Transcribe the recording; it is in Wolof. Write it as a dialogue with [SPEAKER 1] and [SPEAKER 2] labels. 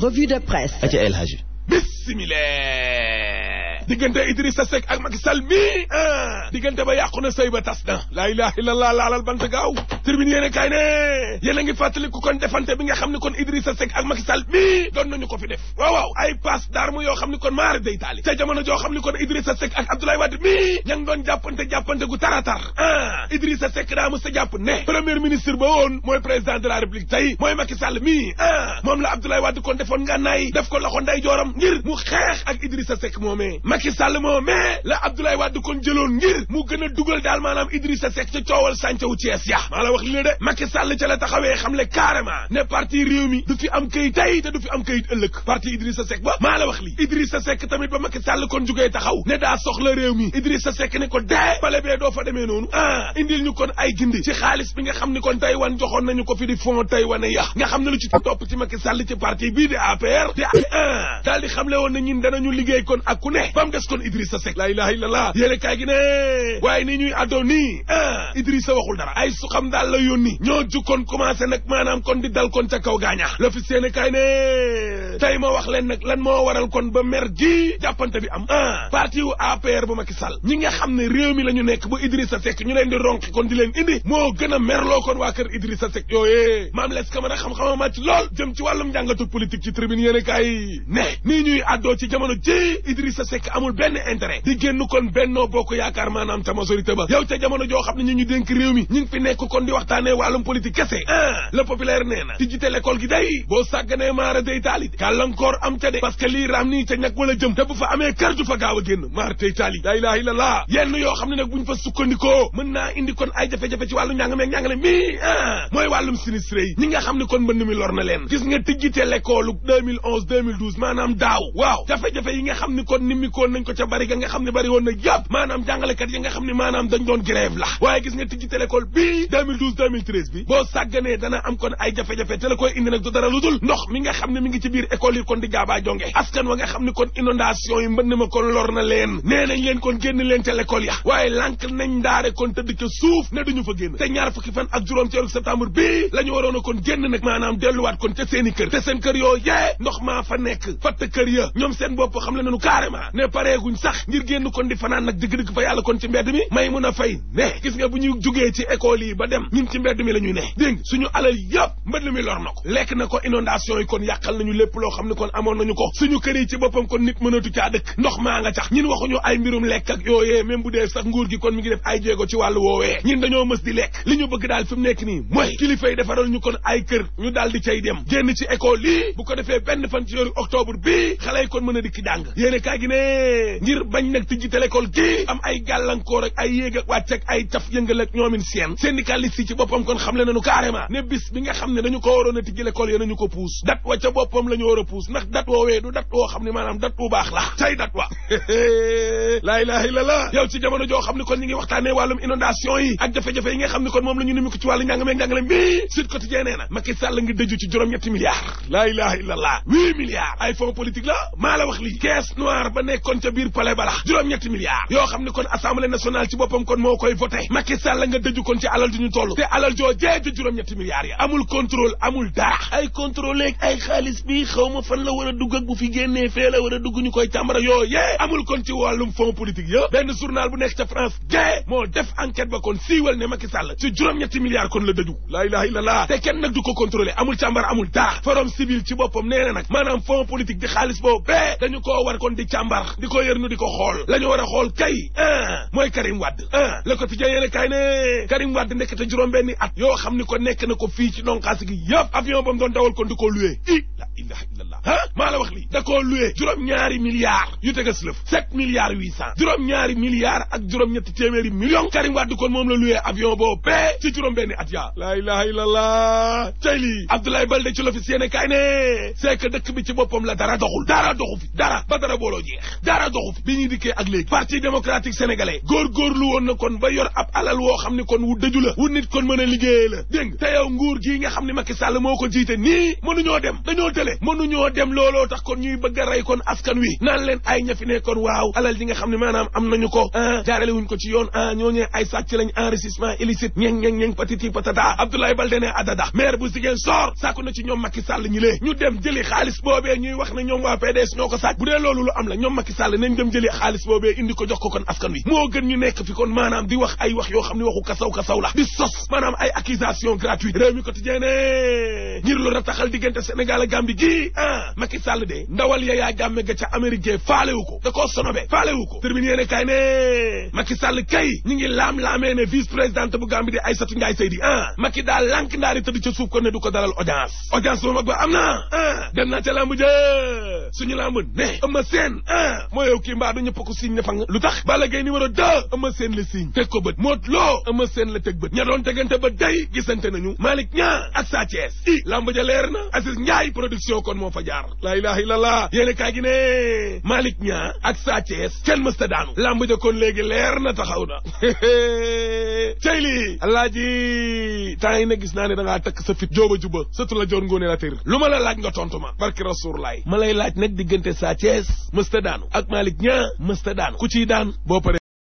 [SPEAKER 1] revue de presse. Aca El Hadji bismillah diggante Idrissa Seck ak Macky Sall mi ah diggante ba yàqu na sëy ba tas na laa ilaha illallah laalal bant gaaw tribune yéen kaay ne yéen a ngi fàttaliku kon defante bi nga xam ne kon Idrissa Seck ak Macky Sall mi doon nañu ko fi def waaw waaw ay passe d'armes yoo xam ne kon maara day taali ca jamono joo xam ne kon Idrissa Seck ak Abdoulaye Wade mi ña ngi doon jàppante jàppante gu taratar ah Idrissa Seck daa mës a jàpp ne premier ministre ba woon mooy président de la république tey mooy Macky Sall mi ah moom la Abdoulaye Wade kon defoon ngànnaay def ko loxo nday jooram ngir mu xeex ak Idrissa Seck moomee Macky Sall moo mais la Abdoulaye Wade kon jëloon ngir mu gën a maa la wax li de Macky Sall ca la taxawee xam le carrément ne parti réew mi du fi am kayit tey te du fi am kayit ëllëg parti Idrissa Seck ba maa la wax li Idrissa Seck tamit ba Macky Sall kon jugee taxaw ne daa soxla réew mi Idrissa Seck ne ko dee bale bee doo fa demee noonu ah indil ñu kon ay gindi ci xaalis bi nga xam ni kon Taïwan joxoon nañu ko fi di fond Taïwan ya nga xam ne lu ci topp ci Macky Sall ci parti bii di APR di ah daal di xamle woon xam nga kon Idrissa Seck laa ilaha illallah yéene kaay gi ne waaye ni ñuy addoo nii ah Idrissa waxul dara ay su xam daal la yónni ñoo jukkoon commencé nag maanaam kon di dal kon ca kaw gaaña l'office yéene kaay ne wax leen nag lan moo waral kon ba mer gi jàppante bi am ah parti wu APR bu Macky Sall ñi nga xam ne réew mi la ñu nekk bu Idrissa Seck ñu leen di ronk kon di leen indi moo gën a merloo kon waa kër Idrissa Seck yooyee maam les kamara xam-xama màcc lool amul benn intérêt di génn kon bennoo bokk yaakaar maanaam ta majorité ba yow ca jamono joo xam ne ñu ñu réew mi ñu fi nekk kon di waxtaanee wàllum politique kese ah le populaire nee tijjite l'école gi day boo sàgganee maara day taali gàllankoor am ca de parce que raam nii ca ñag wala jëm te fa amee kër fa gaaw a génn maar tey taali la ilaha yenn yoo xam ne nag buñ fa sukkandikoo mën naa indi kon ay jafe-jafe ci wàllu njàng meeg njàngale mi ah mooy tënkoon nañ ko ca bari ga nga xam ne bari woon na yëpp maanaam jàngalekat yi nga xam ne maanaam dañ doon grève la waaye gis nga tijji télécole bii 2012 2013 bi boo sàgganee dana am kon ay jafe-jafe te la koy indi nag du dara lu dul ndox mi nga xam ne mi ngi ci biir école yi kon di jaabaa jonge askan wa nga xam ne kon inondation yi mbënn ma kon lor na leen nee nañ leen kon génn leen ca l'école ya waaye lànk nañ ndaare kon tëdd ca suuf ne duñu fa génn te ñaar fukki fan ak juróom ceeru a kon génn nag maanaam delluwaat kon ne pareeguñ sax ngir génn kon di fanaan nag dëgg-dëgg fa yàlla kon ci mbedd mi may mun a fay ne gis nga bu ñu jugee ci école yi ba dem ñun ci mbedd mi la ñuy ne dégg suñu alal yëpp mbedd mi lor na ko lekk na ko inondation yi kon yàqal nañu lépp loo xam ne kon amoon nañu ko suñu kër yi ci boppam kon nit mënatu caa dëkk ndox maa nga tax ñun waxuñu ay mbirum lekk ak yooyee même bu dee sax nguur gi kon mi ngi def ay jéego ci wàllu woowee ñun dañoo mës di lekk li ñu bëgg daal fi mu nekk nii mooy kilifa yi ñu kon ay kër ñu daal di cay dem génn ci école yi bu ko defee benn fan ci yoru octobre bi xale yi kon mën a dikk jàng yéene ngir bañ nag tijji l'école gi am ay gàllankoor ak ay yéeg wàcc ak ay caf yëngal ak ñoomin seen syndicaliste ci boppam kon xam le nañu carrément ne bis bi nga xam ne dañu ko waroon a tijji l'école yi nañu ko puus dat wa ca boppam la ñu war a puus ndax dat woowee du dat woo xam ne maanaam dat bu baax la tay dat wa laa ilaha illa la yow ci jamono joo xam ne kon ñi ngi waxtaanee wàllum inondation yi ak jafe-jafe yi nga xam ne kon moom la ñu ci wàllu kon ca biir palais bala juróom-ñetti milliards yoo xam ne kon assemblée nationale ci boppam kon moo koy voté Macky Sall nga dëju kon ci alal ju ñu toll te alal joo jeeju juróom-ñetti milliards ya amul ma fan la war a dugg ak bu fi génnee koy càmbara yoo amul kon ci wàllum fonds politique yo benn journal bu nekk ca France gée moo def enquête ba kon siiwal ne Macky Sall ci juróom-ñetti milliards kon la dëju laa ilaha illallah te kenn nag du ko contrôlé amul càmbara amul dara forum civil ci boppam nee na nag maanaam fonds politique di xaalis boobu bee dañu koo war kon di càmbar di ko yërnu di ko xool la ñu war a xool kay ah mooy Karim Wade ah Le Quotidien yéene kaay ne Karim Wade nekk te juróom-benni at yoo xam ni ko nekk na ko fii ci donkaas gi yëpp avion ba mu doon dawal kon di ko luwee i la ilaha illallah ah maa la wax lii da koo luwee juróom-ñaari milliards yu tegas lëf sept milliards huit cent juróom-ñaari milliards ak juróom-ñetti téeméeri millions Karim Wade kon moom la luwee avion boobu bee ci juróom-benni at yaa la ilaha illallah tey lii Abdoulaye Balde ci l'office yéene kaay ne c'est que dëkk bi ci boppam la dara doxul dara doxu dara ba dara booloo dara doxu fi bi ñuy dikkee ak léegi parti démocratique sénégalais góorgóorlu woon na kon ba yor ab alal woo xam ni kon wu dëju la wu nit kon mën a liggéeyee la dégg te yow nguur gii nga xam ne Macky Sall moo ko jiite nii mënuñoo dem dañoo tële mënuñoo dem looloo tax kon ñuy bëgg a rey kon askan wi naan leen ay ñafi ne kon waaw alal ji nga xam ne maanaam am nañu ko ah jaarale wuñ ko ci yoon ah ñooñee ay sàcc lañ enrichissement illicite ñeng ñeng ñeng patiti patata ne adada maire bu Ziguinchor soor boobee ñuy wax ne ñoom waa PDS ñoo ko sàcc loolu lu am la ñoom Macky Sall nañ dem jëlee xaalis boobee indi ko jox ko kon askan wi moo gën ñu nekk fi kon maanaam di wax ay wax yoo xam ne waxu kasaw kasaw la di sos maanaam ay accusation gratuite réew mi quotidien ne ngir lu rataxal diggante Sénégal ak Gambie gi ah Macky Sall de ndawal Yaya Jammeh ga ca Amérique jee faalewu ko da koo sonobe faalewu ko termine yéene kay ne Macky Sall kay ñi ngi laam-laamee ne vice présidente bu Gambie di Aïssatou Ndiaye Seydi ah Macky daal lànk ndaari tëdd ca suuf kon ah, ca lamb mooy yow kii mbaa du ñëpp ko signe ne fang lu tax Balla Gaye numéro 2 a Sène la signe teg ko bët Modou Lo Eumeu Sène la teg bët ña doon tegante bët day gisante nañu Malick Niang ak Sa Thiès i lamba ja leer na Aziz Ndiaye production kon moo fa jaar laa ilaha illallah yéene kaay gi ne Malick Niang ak Sa Thiès kenn mësta daanu lamba ja kon léegi leer na taxaw na cey lii alaaji temps yi ne gis naa ne da ngaa takk sa fit jóoba juba sëtu la joon ngoone la tër lu ma la laaj nga tontu ma barki rasuul laay ma lay laaj nag diggante Sa Thiès mësta daanu ak Malick ñaa mësta daan ku ciy daan boo paree